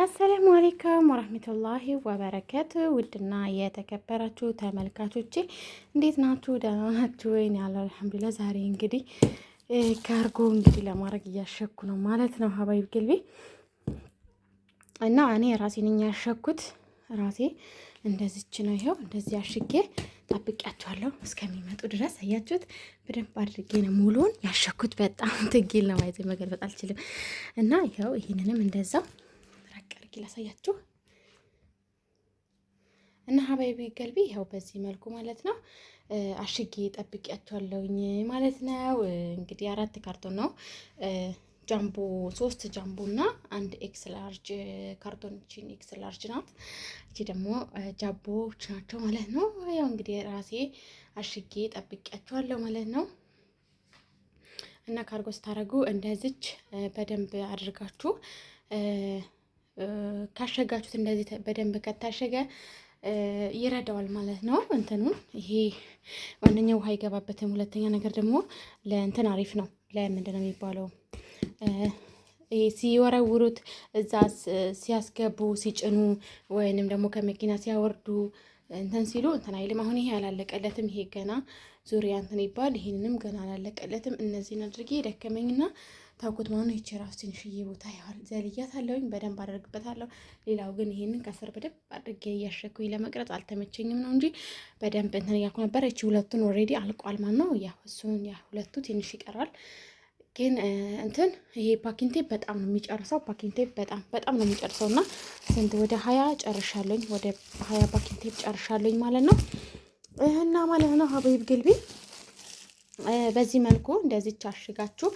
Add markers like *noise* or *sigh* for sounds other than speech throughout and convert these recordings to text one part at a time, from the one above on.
አሰላሙ አሌይኩም ወረህመቱላሂ ወበረከቱ። ውድና የተከበራችሁ ተመልካቾቼ እንዴት ናችሁ? ደህና ናችሁ ወይን? ያለ አልሐምዱሊላህ። ዛሬ እንግዲህ ካርጎ እንግዲህ ለማድረግ እያሸኩ ነው ማለት ነው ሀባይብ ግልቤ እና እኔ ራሴ ነኝ ያሸኩት። ራሴ እንደዚች ነው። ይኸው እንደዚህ አሽጌ ጠብቂያቸዋለሁ እስከሚመጡ ድረስ አያችሁት። በደንብ አድርጌ ነው ሙሉውን ያሸኩት። በጣም ትጊል ነው። አይዘ መገልበጥ አልችልም እና ይኸው ይህንንም እንደዛው አድርጌ ላሳያችሁ እና ሀባይቢ ገልቢ ይኸው በዚህ መልኩ ማለት ነው አሽጌ ጠብቂያቸዋለሁኝ ማለት ነው። እንግዲህ አራት ካርቶን ነው ጃምቦ ሶስት ጃምቦ እና አንድ ኤክስ ላርጅ ካርቶን ቺን ኤክስ ላርጅ ናት። እቺ ደግሞ ጃምቦች ናቸው ማለት ነው። ያው እንግዲህ ራሴ አሽጌ ጠብቂያቸዋለሁ ማለት ነው። እና ካርጎ ስታደርጉ እንደዚች በደንብ አድርጋችሁ ካሸጋችሁት እንደዚህ በደንብ ከታሸገ ይረዳዋል ማለት ነው። እንትኑን ይሄ ዋነኛ ውሃ አይገባበትም። ሁለተኛ ነገር ደግሞ ለእንትን አሪፍ ነው። ለምንድን ነው የሚባለው? ሲወረውሩት እዛ ሲያስገቡ ሲጭኑ፣ ወይንም ደግሞ ከመኪና ሲያወርዱ እንትን ሲሉ እንትን አይልም። አሁን ይሄ አላለቀለትም። ይሄ ገና ዙሪያ እንትን ይባል። ይህንንም ገና አላለቀለትም። እነዚህን አድርጌ ደከመኝና ታውቁት መሆኑ ይቺ ራሱ ትንሽዬ ቦታ ያህል ዘልያት አለውኝ በደንብ አደርግበታለሁ። ሌላው ግን ይሄንን ከስር በደንብ አድርጌ እያሸኩኝ ለመቅረጽ አልተመቸኝም ነው እንጂ በደንብ እንትን እያልኩ ነበር። እቺ ሁለቱን ኦልሬዲ አልቋል ማለት ነው። ያ እሱን ያ ሁለቱ ትንሽ ይቀራል ግን እንትን ይሄ ፓኪንቴ በጣም ነው የሚጨርሰው። ፓኪንቴ በጣም በጣም ነው የሚጨርሰው እና ስንት ወደ ሀያ ጨርሻለኝ ወደ ሀያ ፓኪንቴ ጨርሻለኝ ማለት ነው እና ማለት ነው ሀበይብ ግልቢ በዚህ መልኩ እንደዚች ቻሽጋችሁ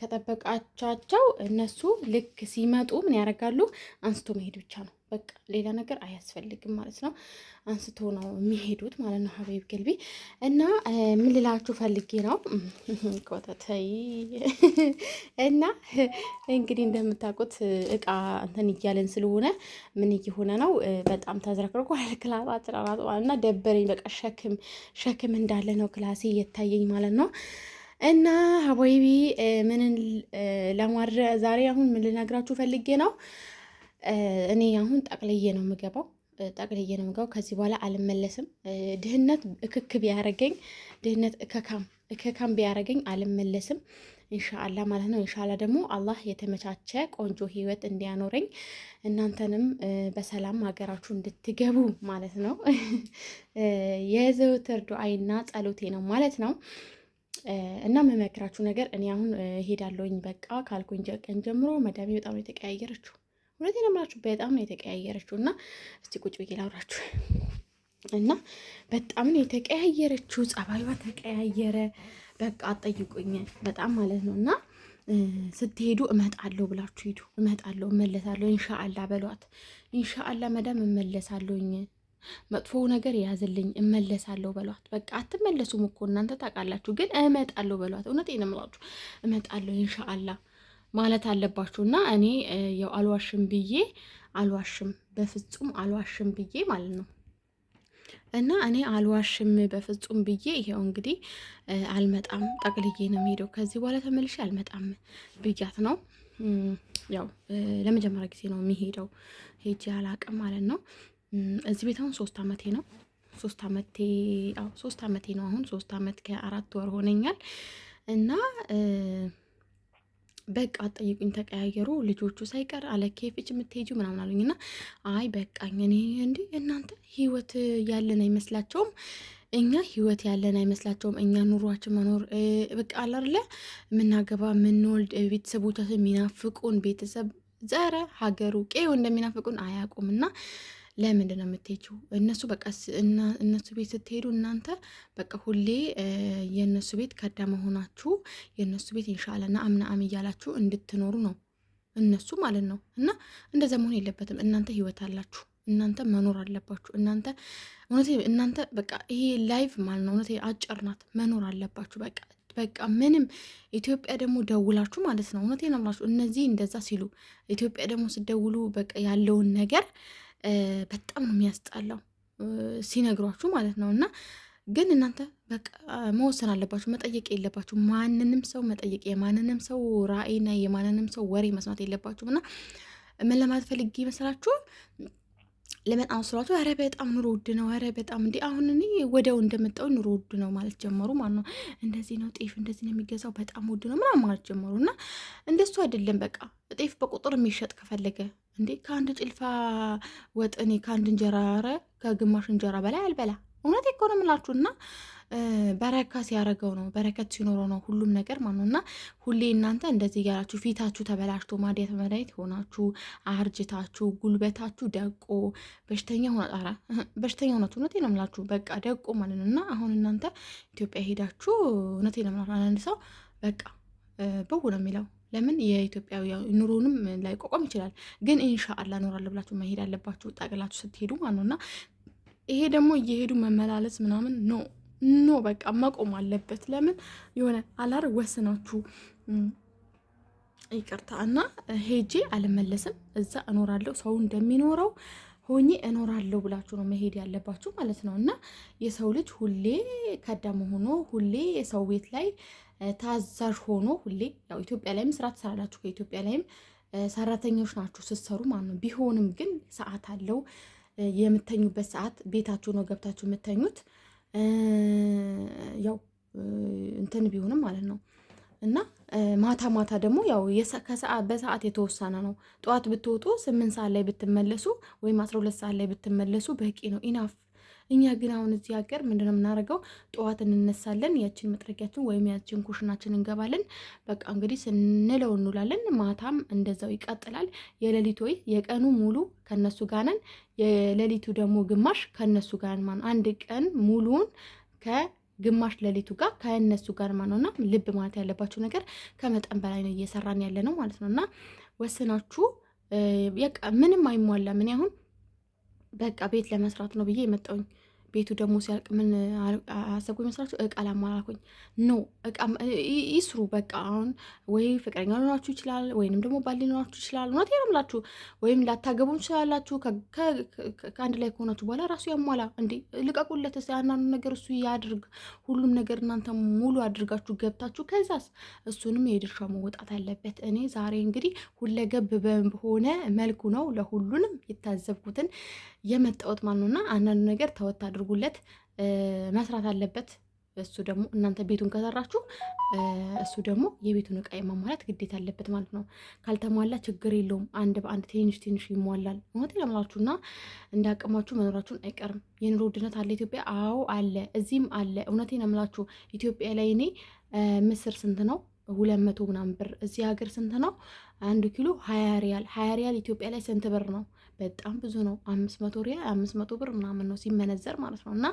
ከጠበቃቻቸው እነሱ ልክ ሲመጡ ምን ያደርጋሉ? አንስቶ መሄድ ብቻ ነው። በቃ ሌላ ነገር አያስፈልግም ማለት ነው። አንስቶ ነው የሚሄዱት ማለት ነው። ሀበይብ ገልቢ እና ምን ልላችሁ ፈልጌ ነው *laughs* ቆተተይ *laughs* እና *laughs* እንግዲህ እንደምታውቁት እቃ እንትን እያለን ስለሆነ ምን እየሆነ ነው በጣም ተዝረክርኮ ክላስ እና ደበረኝ። በቃ ሸክም ሸክም እንዳለ ነው ክላሴ እየታየኝ ማለት ነው። እና ሀበይቢ ምንን ለማድረግ ዛሬ አሁን ምን ልነግራችሁ ፈልጌ ነው እኔ አሁን ጠቅልዬ ነው የምገባው ጠቅልዬ ነው የምገባው። ከዚህ በኋላ አልመለስም። ድህነት እክክ ቢያረገኝ ድህነት እከካም እከካም ቢያረገኝ አልመለስም ኢንሻአላ ማለት ነው። ኢንሻአላ ደግሞ አላህ የተመቻቸ ቆንጆ ህይወት እንዲያኖረኝ እናንተንም በሰላም ሀገራችሁ እንድትገቡ ማለት ነው የዘውትር ዱአይና ጸሎቴ ነው ማለት ነው። እና መመክራችሁ ነገር እኔ አሁን ሄዳለሁኝ በቃ ካልኩኝ ቀን ጀምሮ መዳሜ በጣም የተቀያየረችው እውነቴን እምላችሁ በጣም ነው የተቀያየረችው። እና እስቲ ቁጭ ብዬ ላውራችሁ እና በጣም ነው የተቀያየረችው። ጸባዩዋ ተቀያየረ። በቃ አጠይቁኝ በጣም ማለት ነው። እና ስትሄዱ እመጣለሁ ብላችሁ ሂዱ። እመጣለሁ፣ እመለሳለሁ፣ እንሻአላ በሏት። እንሻአላ መዳም እመለሳለሁኝ መጥፎው ነገር የያዝልኝ እመለሳለሁ በሏት። በቃ አትመለሱም እኮ እናንተ ታውቃላችሁ፣ ግን እመጣለሁ በሏት። እውነቴን እምላችሁ እመጣለሁ ኢንሻአላ ማለት አለባችሁ እና እኔ ያው አልዋሽም ብዬ አልዋሽም በፍጹም አልዋሽም ብዬ ማለት ነው እና እኔ አልዋሽም በፍጹም ብዬ ይሄው እንግዲህ አልመጣም ጠቅልዬ ነው የሚሄደው ከዚህ በኋላ ተመልሼ አልመጣም ብያት ነው። ያው ለመጀመሪያ ጊዜ ነው የሚሄደው ሄጂ አላቅም ማለት ነው። እዚህ ቤት አሁን ሶስት አመቴ ነው ሶስት አመቴ ሶስት አመቴ ነው አሁን ሶስት አመት ከአራት ወር ሆነኛል እና በቃ አጠይቁኝ ተቀያየሩ ልጆቹ ሳይቀር አለ ኬፍች የምትሄጁ ምናምን አሉኝ። እና አይ በቃኝ እኔ እንዲ እናንተ ህይወት ያለን አይመስላቸውም። እኛ ህይወት ያለን አይመስላቸውም። እኛ ኑሯችን መኖር በቃ አላለ የምናገባ የምንወልድ ቤተሰቦቻችን የሚናፍቁን ቤተሰብ ዘረ ሀገሩ ቄው እንደሚናፍቁን አያውቁም እና ለምንድን ነው የምትሄጂው? እነሱ በቃ እነሱ ቤት ስትሄዱ እናንተ በቃ ሁሌ የእነሱ ቤት ከዳ መሆናችሁ የእነሱ ቤት ኢንሻላህ ናአም ናአም እያላችሁ እንድትኖሩ ነው እነሱ ማለት ነው። እና እንደዛ መሆን የለበትም። እናንተ ህይወት አላችሁ። እናንተ መኖር አለባችሁ። እናንተ እውነት እናንተ በቃ ይሄ ላይቭ ማለት ነው እውነት አጭር ናት። መኖር አለባችሁ በቃ በቃ ምንም ኢትዮጵያ ደግሞ ደውላችሁ ማለት ነው እውነቴን አምላችሁ እነዚህ እንደዛ ሲሉ ኢትዮጵያ ደግሞ ስደውሉ በቃ ያለውን ነገር በጣም ነው የሚያስጠላው ሲነግሯችሁ ማለት ነው። እና ግን እናንተ መወሰን አለባችሁ፣ መጠየቅ የለባችሁ ማንንም ሰው መጠየቅ የማንንም ሰው ራዕይና የማንንም ሰው ወሬ መስማት የለባችሁም እና መለማት ፈልጌ ይመስላችሁ ለመጣን አሁን ስሏቸው፣ ኧረ በጣም ኑሮ ውድ ነው፣ ኧረ በጣም እንዲ አሁን እኔ እንደመጣው ኑሮ ውድ ነው ማለት ጀመሩ ማለት ነው። እንደዚህ ነው ጤፍ እንደዚህ ነው የሚገዛው በጣም ውድ ነው ምናምን ማለት ጀመሩ። እና እንደሱ አይደለም በቃ ጤፍ በቁጥር የሚሸጥ ከፈለገ እንዴ ከአንድ ጭልፋ ወጥ እኔ ከአንድ እንጀራ ኧረ ከግማሽ እንጀራ በላይ አልበላ። እውነት ኢኮኖሚ ላችሁ እና በረከት ሲያደርገው ነው በረከት ሲኖረው ነው ሁሉም ነገር ማነው እና ሁሌ እናንተ እንደዚህ እያላችሁ ፊታችሁ ተበላሽቶ ማዲያት መድኃኒት ሆናችሁ አርጅታችሁ ጉልበታችሁ ደቆ በሽተኛ ሆነ ጣራ በሽተኛ ሆነት እውነቴን ነው የምላችሁ በቃ ደቆ ማለት ነው እና አሁን እናንተ ኢትዮጵያ ሄዳችሁ እውነቴን ነው የምላችሁ አንድ ሰው በቃ በው ነው የሚለው ለምን የኢትዮጵያዊ ኑሮንም ላይቋቋም ይችላል። ግን ኢንሻአላ እኖራለሁ ብላችሁ መሄድ አለባችሁ ጠቅላችሁ ስትሄዱ ማለት ነው እና ይሄ ደግሞ እየሄዱ መመላለስ ምናምን ነው። ኖ በቃ መቆም አለበት። ለምን የሆነ አላር ወስናችሁ ይቅርታ እና ሄጄ አልመለስም እዛ እኖራለሁ ሰው እንደሚኖረው ሆኜ እኖራለሁ ብላችሁ ነው መሄድ ያለባችሁ ማለት ነው። እና የሰው ልጅ ሁሌ ከዳም ሆኖ ሁሌ የሰው ቤት ላይ ታዛዥ ሆኖ ሁሌ ያው ኢትዮጵያ ላይም ስራ ትሰራላችሁ፣ ከኢትዮጵያ ላይም ሰራተኞች ናችሁ ስትሰሩ ማለት ነው። ቢሆንም ግን ሰዓት አለው የምተኙበት ሰዓት ቤታችሁ ነው ገብታችሁ የምተኙት ያው እንትን ቢሆንም ማለት ነው እና ማታ ማታ ደግሞ ያው በሰዓት የተወሰነ ነው። ጠዋት ብትወጡ ስምንት ሰዓት ላይ ብትመለሱ ወይም አስራ ሁለት ሰዓት ላይ ብትመለሱ በቂ ነው ኢናፍ እኛ ግን አሁን እዚህ ሀገር ምንድነው የምናደርገው? ጠዋት እንነሳለን፣ ያችን መጥረጊያችን ወይም ያችን ኩሽናችን እንገባለን። በቃ እንግዲህ ስንለው እንውላለን። ማታም እንደዛው ይቀጥላል። የሌሊት ወይ የቀኑ ሙሉ ከነሱ ጋር ነን፣ የሌሊቱ ደግሞ ግማሽ ከነሱ ጋር ነን። አንድ ቀን ሙሉውን ከ ግማሽ ሌሊቱ ጋር ከእነሱ ጋር ማ ነውና ልብ ማለት ያለባቸው ነገር ከመጠን በላይ ነው እየሰራን ያለ ነው ማለት ነው። እና ወስናችሁ ምንም አይሟላ ምን ያሁን በቃ ቤት ለመስራት ነው ብዬ የመጣውኝ ቤቱ ደግሞ ሲያልቅ ምን አሰብኩ ይመስላችሁ? እቃ ላሟላኩኝ ኖ እቃ ይስሩ። በቃ አሁን ወይ ፍቅረኛ ሊኖራችሁ ይችላል፣ ወይንም ደግሞ ባል ሊኖራችሁ ይችላል። እውነት ያምላችሁ ወይም ላታገቡ ይችላላችሁ። ከአንድ ላይ ከሆናችሁ በኋላ ራሱ ያሟላ እንዴ፣ ልቀቁለት። አንዳንዱ ነገር እሱ ያድርግ። ሁሉም ነገር እናንተ ሙሉ አድርጋችሁ ገብታችሁ፣ ከዛስ እሱንም የድርሻ መወጣት አለበት። እኔ ዛሬ እንግዲህ ሁለገብ በሆነ መልኩ ነው ለሁሉንም የታዘብኩትን የመጣሁት ማለት ነው እና አንዳንዱ ነገር ተወታደ እንድታደርጉለት መስራት አለበት። እሱ ደግሞ እናንተ ቤቱን ከሰራችሁ እሱ ደግሞ የቤቱን እቃ የማሟላት ግዴታ አለበት ማለት ነው። ካልተሟላ ችግር የለውም አንድ በአንድ ትንሽ ትንሽ ይሟላል። ሞት ያምላችሁና እንዳቅማችሁ መኖራችሁን አይቀርም። የኑሮ ውድነት አለ ኢትዮጵያ? አዎ አለ፣ እዚህም አለ። እውነቴን ለምላችሁ ኢትዮጵያ ላይ እኔ ምስር ስንት ነው ሁለት መቶ ምናምን ብር፣ እዚህ ሀገር ስንት ነው አንዱ ኪሎ? ሀያ ሪያል። ሀያ ሪያል ኢትዮጵያ ላይ ስንት ብር ነው? በጣም ብዙ ነው። አምስት መቶ ሪያል አምስት መቶ ብር ምናምን ነው ሲመነዘር ማለት ነው እና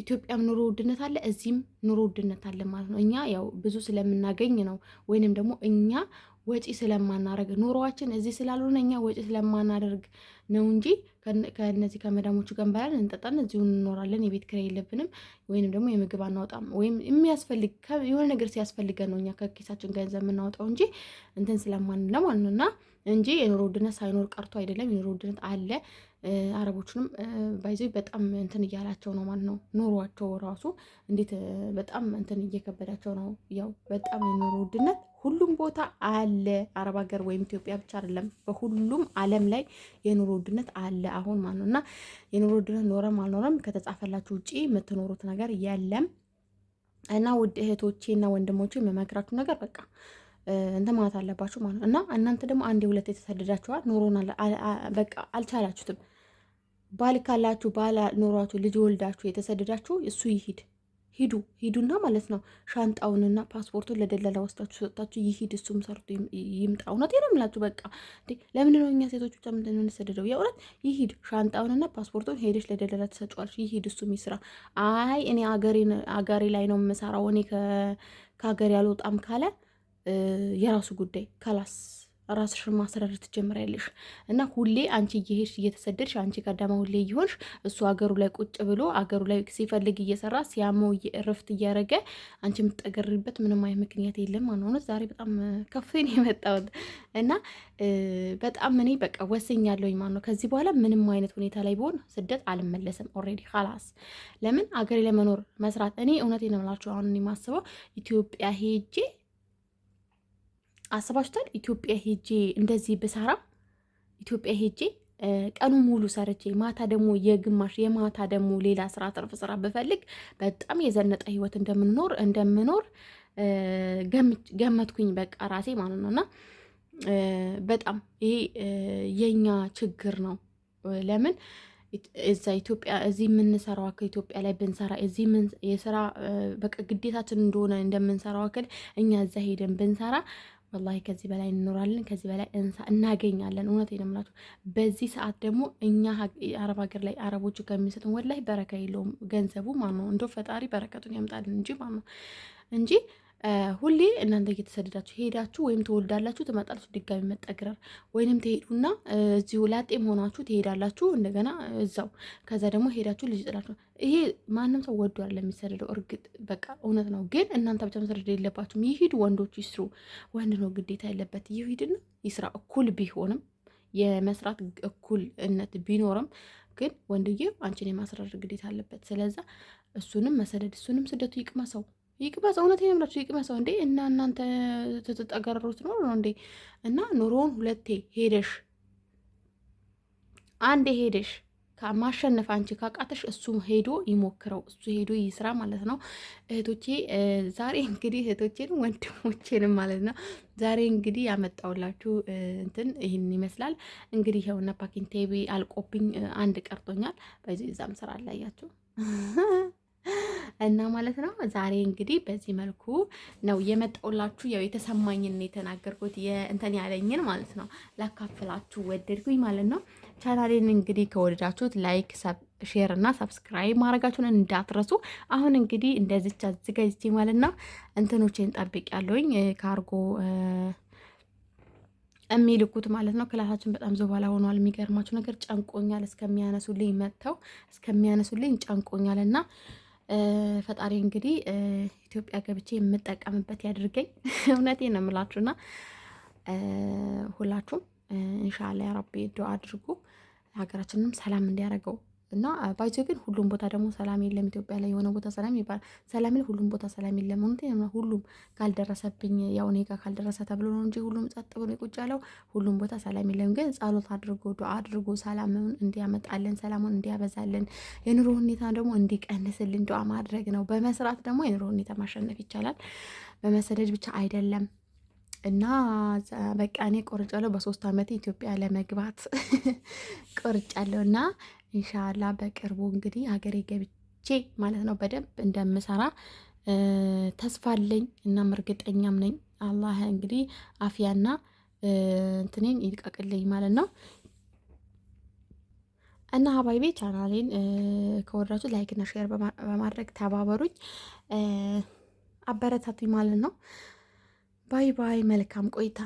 ኢትዮጵያም ኑሮ ውድነት አለ፣ እዚህም ኑሮ ውድነት አለ ማለት ነው። እኛ ያው ብዙ ስለምናገኝ ነው ወይንም ደግሞ እኛ ወጪ ስለማናደርግ ኑሮዋችን እዚህ ስላልሆነ እኛ ወጪ ስለማናደርግ ነው እንጂ ከእነዚህ ከመዳሞቹ ጋር እንበላለን፣ እንጠጣን፣ እዚሁ እንኖራለን። የቤት ኪራይ የለብንም፣ ወይንም ደግሞ የምግብ አናወጣም። ወይም የሚያስፈልግ የሆነ ነገር ሲያስፈልገን ነው እኛ ከኪሳችን ገንዘብ የምናወጣው እንጂ እንትን ስለማንለ ማለት ነው እና እንጂ የኑሮ ውድነት ሳይኖር ቀርቶ አይደለም። የኑሮ ውድነት አለ። አረቦችንም ባይዘ በጣም እንትን እያላቸው ነው ማለት ነው። ኑሯቸው ራሱ እንዴት በጣም እንትን እየከበዳቸው ነው። ያው በጣም የኑሮ ውድነት ሁሉም ቦታ አለ። አረብ ሀገር ወይም ኢትዮጵያ ብቻ አይደለም፣ በሁሉም ዓለም ላይ የኑሮ ውድነት አለ አሁን ማለት ነው። እና የኑሮ ውድነት ኖረም አልኖረም ከተጻፈላችሁ ውጪ የምትኖሩት ነገር የለም። እና ውድ እህቶቼ እና ወንድሞቼ የምመክራችሁ ነገር በቃ እንትን ማለት አለባችሁ ማለት ነው። እና እናንተ ደግሞ አንድ ሁለት የተሰደዳችኋል ኑሮን በቃ አልቻላችሁትም። ባል ካላችሁ ባል ኖሯችሁ ልጅ ወልዳችሁ የተሰደዳችሁ እሱ ይሂድ ሂዱ ሂዱና ማለት ነው። ሻንጣውንና ፓስፖርቱን ለደላላ ወስዳችሁ ሰጣችሁ ይሂድ፣ እሱም ሰርቶ ይምጣ። እውነት የምላችሁ በቃ ለምን ነው እኛ ሴቶች ብቻ ምንድን የምንሰደደው? የእውነት ይሂድ፣ ሻንጣውንና ፓስፖርቱን ሄደሽ ለደላላ ትሰጫዋለሽ። ይሂድ፣ እሱም ይስራ። አይ እኔ አገሬ ላይ ነው የምሰራው እኔ ከሀገር ያልወጣም ካለ የራሱ ጉዳይ ከላስ ራስሽን ማስተዳደር ትጀምሪያለሽ። እና ሁሌ አንቺ እየሄድሽ እየተሰደድሽ አንቺ ቀዳማ ሁሌ እየሆንሽ እሱ አገሩ ላይ ቁጭ ብሎ አገሩ ላይ ሲፈልግ እየሰራ ሲያመው እረፍት እያደረገ አንቺ የምትጠገሪበት ምንም አይ ምክንያት የለም። ማንሆነት ዛሬ በጣም ከፍን ነው የመጣሁት እና በጣም እኔ በቃ ወስኛለሁኝ። ማን ነው ከዚህ በኋላ ምንም አይነት ሁኔታ ላይ ቢሆን ስደት አልመለስም። ኦልሬዲ ካላስ ለምን አገሬ ለመኖር መስራት እኔ እውነቴን ነው የምላችሁ አሁን የማስበው ኢትዮጵያ ሄጄ አስባችኋል? ኢትዮጵያ ሄጄ እንደዚህ ብሰራ ኢትዮጵያ ሄጄ ቀኑ ሙሉ ሰርቼ ማታ ደግሞ የግማሽ የማታ ደግሞ ሌላ ስራ ትርፍ ስራ ብፈልግ በጣም የዘነጠ ህይወት እንደምኖር እንደምኖር ገመትኩኝ በቃ ራሴ ማለት ነው። እና በጣም ይሄ የኛ ችግር ነው። ለምን እዛ ኢትዮጵያ እዚህ የምንሰራው አክል ኢትዮጵያ ላይ ብንሰራ እዚህ የስራ በቃ ግዴታችን እንደሆነ እንደምንሰራው አክል እኛ እዛ ሄደን ብንሰራ ወላሂ ከዚህ በላይ እንኖራለን፣ ከዚህ በላይ እናገኛለን። እውነቴን ነው የምላችሁ። በዚህ ሰዓት ደግሞ እኛ አረብ ሀገር ላይ አረቦቹ ከሚሰጡን ወላሂ በረካ የለውም ገንዘቡ። ማነው እንደው ፈጣሪ በረከቱን ያምጣልን እንጂ ማነው እንጂ ሁሌ እናንተ እየተሰደዳችሁ ሄዳችሁ ወይም ትወልዳላችሁ፣ ትመጣላችሁ፣ ድጋሚ መጠግረር ወይንም ትሄዱና እዚሁ ላጤም ሆናችሁ ትሄዳላችሁ እንደገና እዛው፣ ከዛ ደግሞ ሄዳችሁ ልጅ ጥላችሁ። ይሄ ማንም ሰው ወዶ አለ የሚሰደደው። እርግጥ በቃ እውነት ነው፣ ግን እናንተ ብቻ መሰደድ የለባችሁም። ይሂዱ፣ ወንዶች ይስሩ። ወንድ ነው ግዴታ ያለበት ይሂድና ይስራ። እኩል ቢሆንም የመስራት እኩልነት ቢኖርም ግን ወንድዬ አንቺን የማስረር ግዴታ አለበት። ስለዛ እሱንም መሰደድ እሱንም ስደቱ ይቅመሰው። ይቅመስ። እውነት ነው የምላችሁ ይቅመሰው እንዴ! እና እናንተ ትትጠገረሩት ኖሮ ነው እንዴ? እና ኑሮውን ሁለቴ ሄደሽ አንዴ ሄደሽ ማሸነፍ አንቺ ካቃተሽ እሱ ሄዶ ይሞክረው፣ እሱ ሄዶ ይስራ ማለት ነው። እህቶቼ ዛሬ እንግዲህ እህቶቼን ወንድሞቼንም ማለት ነው ዛሬ እንግዲህ ያመጣውላችሁ እንትን ይህን ይመስላል። እንግዲህ ይኸውና ፓኪንግ ቴቪ አልቆብኝ አንድ ቀርቶኛል። በዚህ እዛም ስራ አላያችሁ *laughs* እና ማለት ነው ዛሬ እንግዲህ በዚህ መልኩ ነው የመጣውላችሁ። ያው የተሰማኝን የተናገርኩት እንትን ያለኝን ማለት ነው ላካፍላችሁ ወደድኩኝ ማለት ነው። ቻናሌን እንግዲህ ከወደዳችሁት ላይክ ሼር እና ሰብስክራይብ ማድረጋችሁን እንዳትረሱ። አሁን እንግዲህ እንደዚች አዘጋጅቼ ማለት ነው እንትኖቼን ጠብቅ ያለውኝ ካርጎ የሚልኩት ማለት ነው። ክላሳችን በጣም ዘባላ ሆኗል። የሚገርማችሁ ነገር ጨንቆኛል። እስከሚያነሱልኝ መጥተው እስከሚያነሱልኝ ጨንቆኛል እና ፈጣሪ እንግዲህ ኢትዮጵያ ገብቼ የምጠቀምበት ያድርገኝ። *laughs* እውነቴ ነው የምላችሁና ሁላችሁም ኢንሻአላ ያረቢ ዱአ አድርጉ። ሀገራችንም ሰላም እንዲያደርገው እና ባይዞ ግን ሁሉም ቦታ ደግሞ ሰላም የለም። ኢትዮጵያ ላይ የሆነ ቦታ ሰላም ይባል ሰላም ሁሉም ቦታ ሰላም የለም። እውነቴን ሁሉም ካልደረሰብኝ ያው እኔ ጋር ካልደረሰ ተብሎ ነው እንጂ ሁሉም ጸጥ ብሎ የቁጭ ያለው ሁሉም ቦታ ሰላም የለም። ግን ጸሎት አድርጎ ዱዓ አድርጎ ሰላምን እንዲያመጣልን፣ ሰላሙን እንዲያበዛልን፣ የኑሮ ሁኔታ ደግሞ እንዲቀንስልን ዱዓ ማድረግ ነው። በመስራት ደግሞ የኑሮ ሁኔታ ማሸነፍ ይቻላል። በመሰደድ ብቻ አይደለም። እና በቃ እኔ ቆርጫለሁ። በሶስት ዓመቴ ኢትዮጵያ ለመግባት *laughs* ቆርጫለሁ እና ኢንሻላ በቅርቡ እንግዲህ ሀገሬ ገብቼ ማለት ነው በደንብ እንደምሰራ ተስፋ አለኝ። እናም እርግጠኛም ነኝ። አላህ እንግዲህ አፍያና እንትኔን ይልቀቅልኝ ማለት ነው። እና ሀባይቤ ቻናሌን ከወዳችሁ ላይክና ሼር በማድረግ ተባበሩኝ፣ አበረታቱኝ ማለት ነው። ባይ ባይ። መልካም ቆይታ